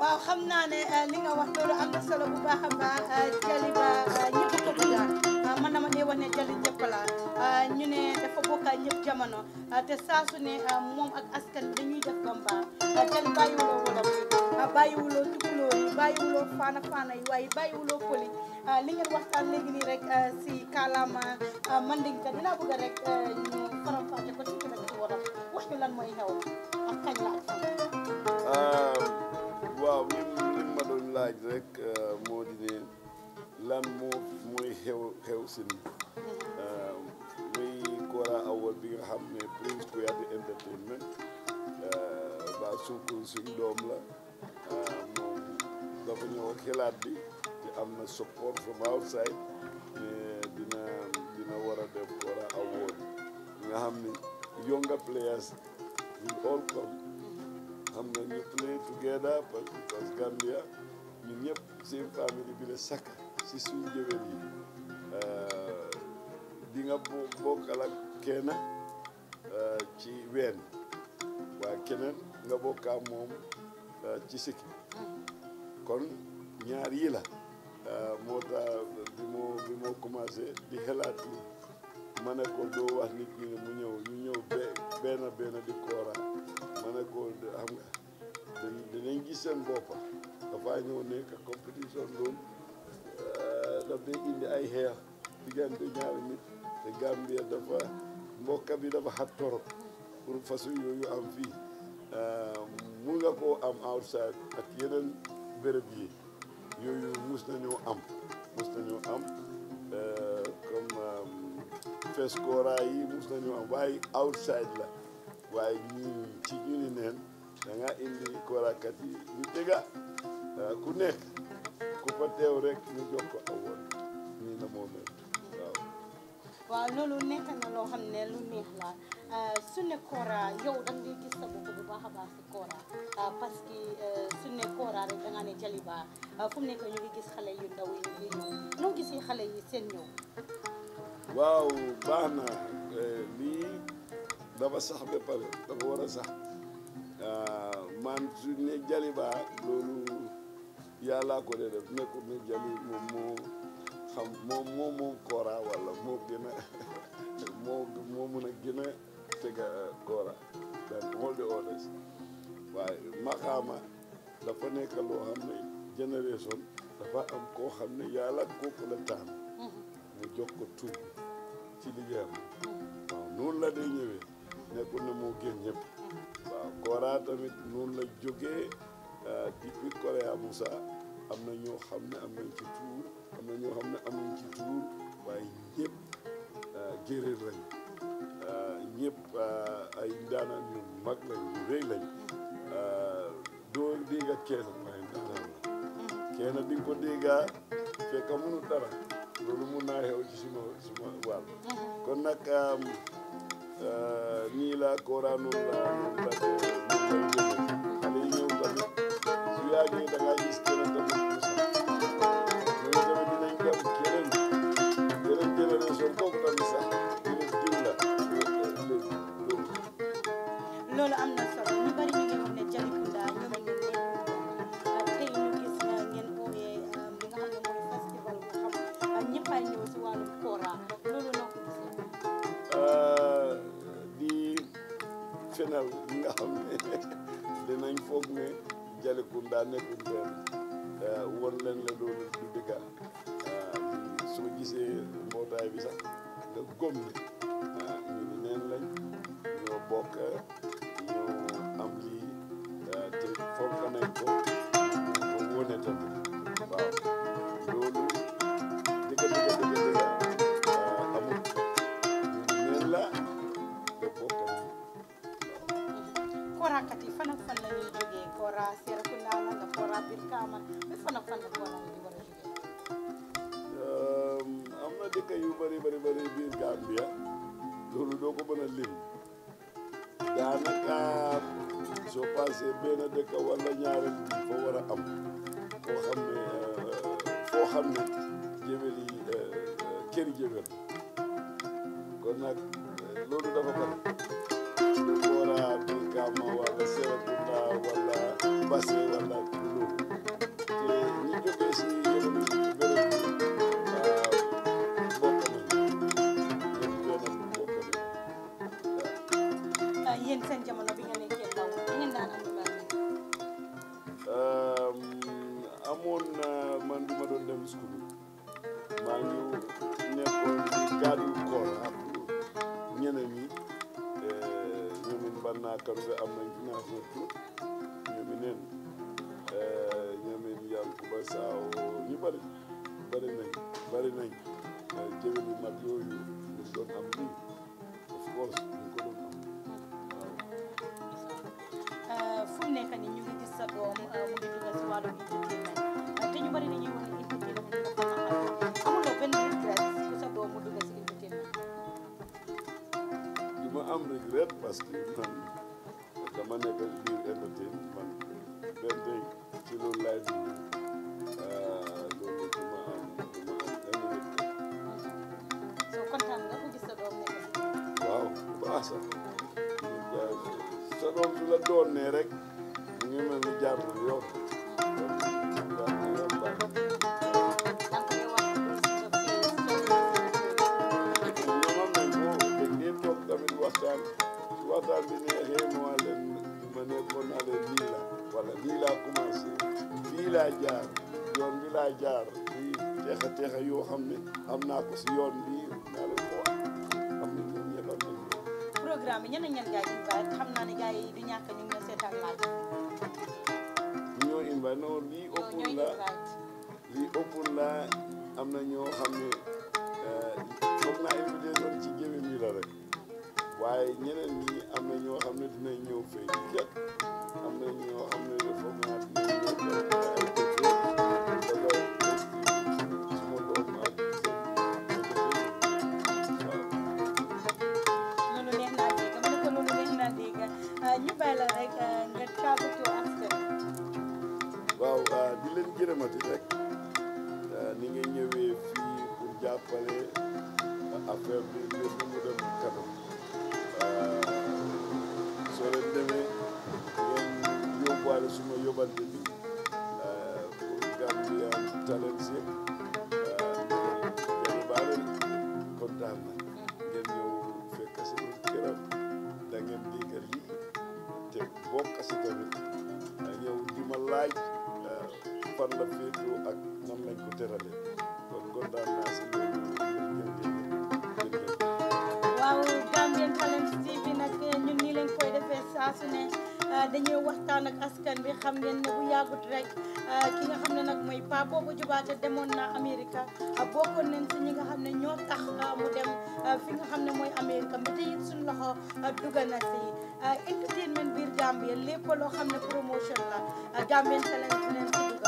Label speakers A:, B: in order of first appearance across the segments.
A: waaw xam naa ne euh, li nga wax loolu am solo bu baax a baax euh, Jaliba euh, ñëpp ko bëgga man dama dee wax ne Jali ñëpp la ñu ne dafa bokk ak ñëpp jamono te saa ne moom ak askan bi dañuy def combat Jali bàyyiwuloo wolof bàyyiwuloo tukuloo yi bàyyiwuloo faana faana yi waaye bàyyiwuloo pël yi li ngeen waxtaan léegi nii rek si kàllaama mandinka dinaa bëgg rek ñu faram fàcce ko ci keneen ci wolof wax ñu lan mooy xew
B: We li li ma doon laaj rek moo di ne lan moo mooy Award Prince Kuyateh Entertainment we sukkul suñ doom la moom dafa ñëw xalaat bi te am na support from outside uh, We dina dina war a the Award younger players We all come xam na ñu play together parce que parce Gambia ñun ñëpp seen famille bi la sakk si suñ jëwel yi euh, di nga bokkal ak kenn euh, ci ween waa keneen nga bokkaa moom euh, ci sikki kon ñaar yi la moo tax bi moo bi moo commencé di xelaat li ma ko doo wax nit ñi mu ñëw ñu ñëw benn benn di ko xam nga dinañ gis seen boppa dafaa ñëw nekk compétition loolu daf day indi ay xeex diggante ñaari nit te Gambia dafa mbokka bi dafa xat torop pour façon yooyu am fii mun nga koo am outside ak yeneen béréb yi yooyu mus nañoo am mus nañoo am comme fes koora yi mus nañoo am waaye outside la waaye ñun ci ñu ni neen da nga indi korakat yi ñu dëgga ku nekk ku fa teew rek ñu jox ko awoon nii na moo
A: waaw loolu nekk na loo xam ne lu neex la euh, su ne yow da ngay gis sa bu baax a baax si koora euh, parce que euh, su ne rek da ne jaliba fu nekk ñu ngi gis xale yu ndaw yi ñu gisee xale yi seen ñëw
B: waaw baax na lii dafa sax ba pare dafa war a sax ah, man su ne Jaliba loolu yàllaa ko dee def nekkul ne Jali moom moo xam moom moo moom Kora wala moo gën a moo moo mun a gën a tega ah, Kora dan all the orders waaye maxaama dafa nekk loo xam ne génération dafa am koo xam ne yàlla kooku la taan mm-hmm. mu jox ko tur ci liggéeyam mm-hmm. waaw noonu la day ñëwee nekkul ne moo génn ñëpp waaw Kora tamit noonu la joge ci euh, biir Korea Moussa am na ñoo xam ne am nañ ci tuur am na ñoo xam ne am nañ ci tuur waaye ñëpp euh, géréer lañ euh, ñëpp ay ndaanaan ñu mag lañ ñu rëy lañ doo dégga kenn waaye ndaanaan la kenn di nga ko dégga ah, fekk mënu dara loolu mun naa xew ci suma suma wàll mm-hmm. kon nag um, ñii la koraanul la la xale yi ñëw tamit su yàggee da nga gis keneen tamit bu sax ñoom tamit dinañ dem keneen keneen génération kooku tamit sax ñu diw la
A: loolu am na solo ñu bari ñu ngi wax ne Jalikunda ñoom ñu tey ñu gis ngeen oowee um, li nga xam ne mooy festival bu xam ñëppay ñëw si wàllu kooraan
B: fenal nga xam ne dinañ foog ne Jalekunda nekkul benn euh, woon leen la loolu du dëgg euh, soo gisee mbootaay bi sax nga gom ne euh, ñu neen lañ ñoo bokk na yu bëri bëri bëri biir Gambia loolu doo ko mën a lim daanaka soo passé benn dëkk wala ñaari fa war a am foo xam ne eh, foo xam ne jëwel yi kër eh, eh, kon nag loolu dafa bëri wala Brikama wala Serekunda wala Basse wala kamɓe ammanguina surtout ñominen ñamin eh, yankuba sawo oh, ñi ɓari ɓari nayi ɓari nayi jeweli eh, mabɓe oyu ɗum ɗon am ni of course ɗum ko ɗum
A: am fu nekka ni ñu ngi gis sa doom mu ngi dugal si wàllu entertainment te ñu bari dañuy wax entertainment amuloo benn regret sa doom mu dugal si entertainment
B: du am regret parce que maasa sa doom su la doon ne mu ngi mel ni jàngul yoon waxtaan wala lii laa commencé lii laa jaar yoon bi jaar lii teexa yoo xam ne am naa ko si yoon bi
A: programme bi ñenn ak ñenn gars yi invite xam naa ne gars yi ñu ngi ñoo seetaan maal.
B: la lii ëppoon la am na ñoo xam ne euh, foog naa invitation ci géwél yi la rek am na ñoo xam ne dinañ ñëw fay jot am na ñoo xam ne foog naa dinañ ñëw di leen gërëmati euh, ni nga ñëwee fii pour jàppale affaire bi ngeen nu mu dem kanam euh, soo leen yóbbaale suma yóbbal bi fan la féetoo ak nan lañ ko tëralee kon kontaan naa si loolu
A: waaw Gambian Talents TV nag ñun nii lañ koy defee saa su ne ah, dañuy waxtaan ak askan bi xam ngeen ne bu yàggut rek ah, ki nga xam ne nag mooy Pa Bobo Jobaate demoon na Amérique ah, bokkoon nañ si ñi nga xam ne ñoo tax mu dem fi nga xam ne mooy Amérique ba tey it suñu loxo dugg na si entertainment biir Gambia lépp loo xam ne promotion la Gambian Talents dinañ si dugg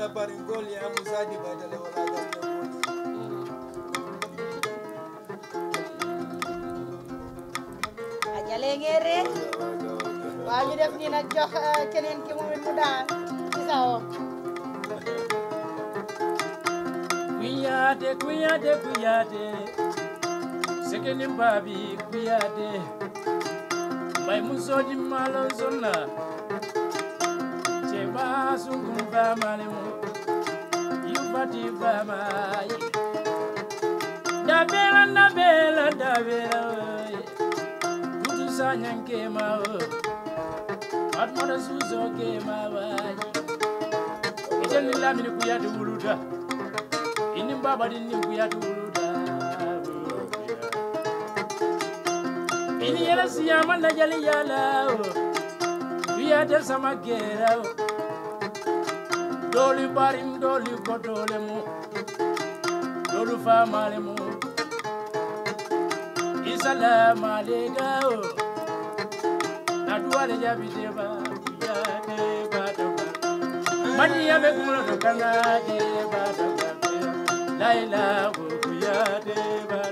C: ada bari gol ya muzadi
A: ajale ngere wañu def ni nak jox eh, keneen ki moom it mu daan ci sawo oh.
C: kuyate kuyate kuyate sekeni malon sukun fama le mu yufati fama ye dabela dabela dabela kutu sanyan ke ma o atmada suzo ke ma ba ye ijen lillahi ni kuya duruda inin baba din ni kuya duruda ini yala siyama na jali yala o Via del Samagueira, doli barim doli kotole mu dolu famale mu isalam alega o naduwale jabite ya be kumulo kana je bata la ilaha illa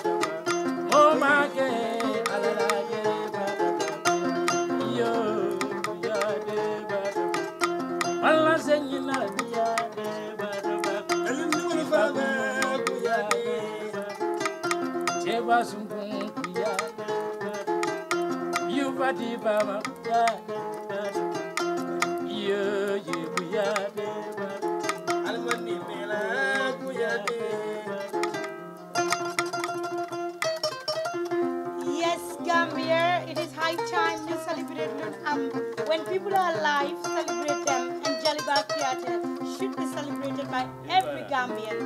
C: sungkung You
A: Yes, Gambia, it is high time you celebrate Lut When people are alive, celebrate them and bar Theatre. should be celebrated by every Gambian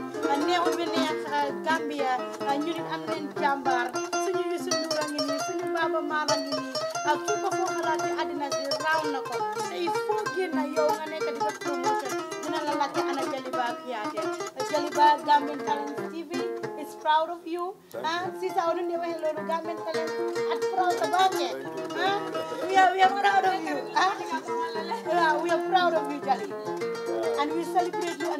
A: neexul uh, bi Gambia ñu nit am nañ jàmbaar suñu Youssou Ndour a ngi nii suñu Baaba Maal a ngi nii ak ku ko foo di def promotion dina la laajte ana Gambian talent TV is proud of you ah si sa onu Gambian talent. at proud of you, ah we are we are proud of you ah we are proud of you Jali and we celebrate